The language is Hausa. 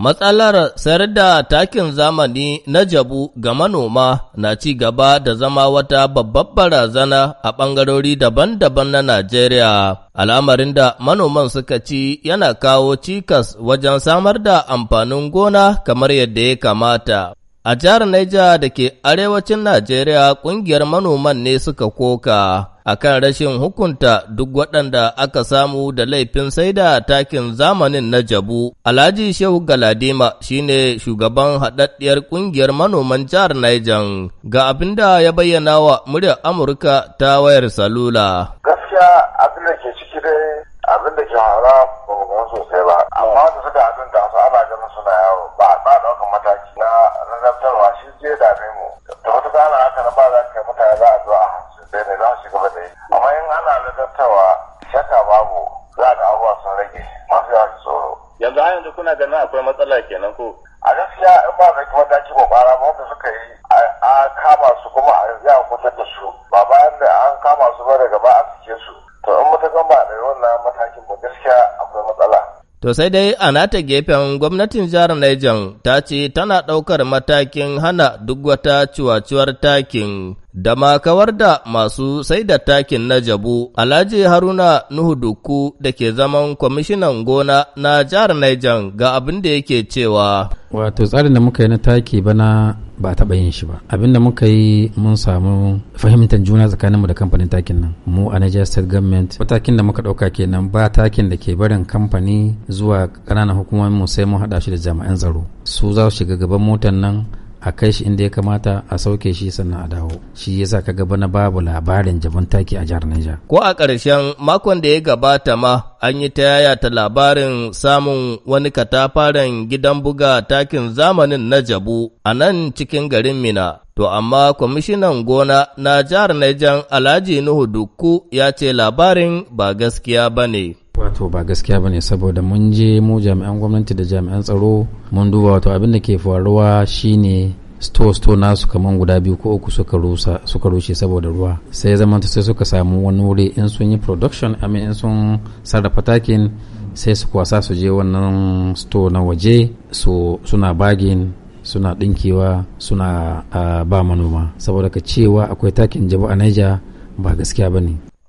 Matsalar sayar da takin zamani na jabu ga manoma na ci gaba da zama wata babbar barazana a ɓangarori daban-daban na Najeriya, al'amarin da manoman suka ci yana kawo cikas wajen samar da amfanin gona kamar yadda ya kamata. A jihar Niger da ke arewacin Najeriya ƙungiyar manoman ne suka koka a kan rashin hukunta duk waɗanda aka samu da laifin saida takin zamanin na jabu. Alhaji Shehu Galadima shi ne shugaban haɗaɗɗiyar ƙungiyar manoman jihar Niger ga abin da ya bayyana wa muryar Amurka ta wayar salula. Gaskiya abin da ke ciki dai abin da ke hara sai ne za su shiga da yi amma in ana ladattawa shaka babu za a ga abubuwa sun rage masu yawa tsoro yanzu har yanzu kuna ganin akwai matsala kenan ko a gaskiya in ba zaki mataki ba bara ba wanda suka yi a kama su kuma a ya kutar da su ba bayan da an kama su ba daga ba a cike su To sai dai a nata gefen gwamnatin jihar Niger ta ce tana ɗaukar matakin hana duk wata ciwaciwar takin da ma kawar da masu sai da takin na jabu Alhaji Haruna Nuhu Duku da ke zaman kwamishinan gona na jihar Niger ga abin da yake cewa. Wato tsarin da muka yi na taki bana ba taɓa yin shi ba abinda muka yi mun samu fahimtar juna tsakaninmu da kamfanin takin nan mu a Niger State Government matakin da muka ɗauka kenan ba takin da ke barin kamfani zuwa ƙananan hukumomin mu sai mun haɗa shi da jami'an tsaro su za su shiga gaban motar nan a kai shi inda ya kamata a sauke shi sannan a dawo shi yasa ka gaba na babu labarin jabin taki a jihar Niger. Ko a ƙarshen makon da ya gabata ma an yi ta yaya ta labarin samun wani katafaren gidan buga takin zamanin na jabu a nan cikin garin Mina. To amma kwamishinan gona na jihar Niger Alhaji Nuhu Dukku ya ce labarin ba gaskiya bane to ba gaskiya bane saboda mun je mu jami'an gwamnati da jami'an tsaro mun duba wato abin da ke faruwa shine store store nasu kaman guda biyu ko uku suka rusa suka rushe saboda ruwa sai zamanta sai suka samu wani wuri in sun yi production I in sun sarrafa takin sai su kwasa su je wannan store na waje su suna bagin suna dinkewa suna ah, ba manoma saboda ka cewa akwai takin jabo a Niger ba gaskiya bane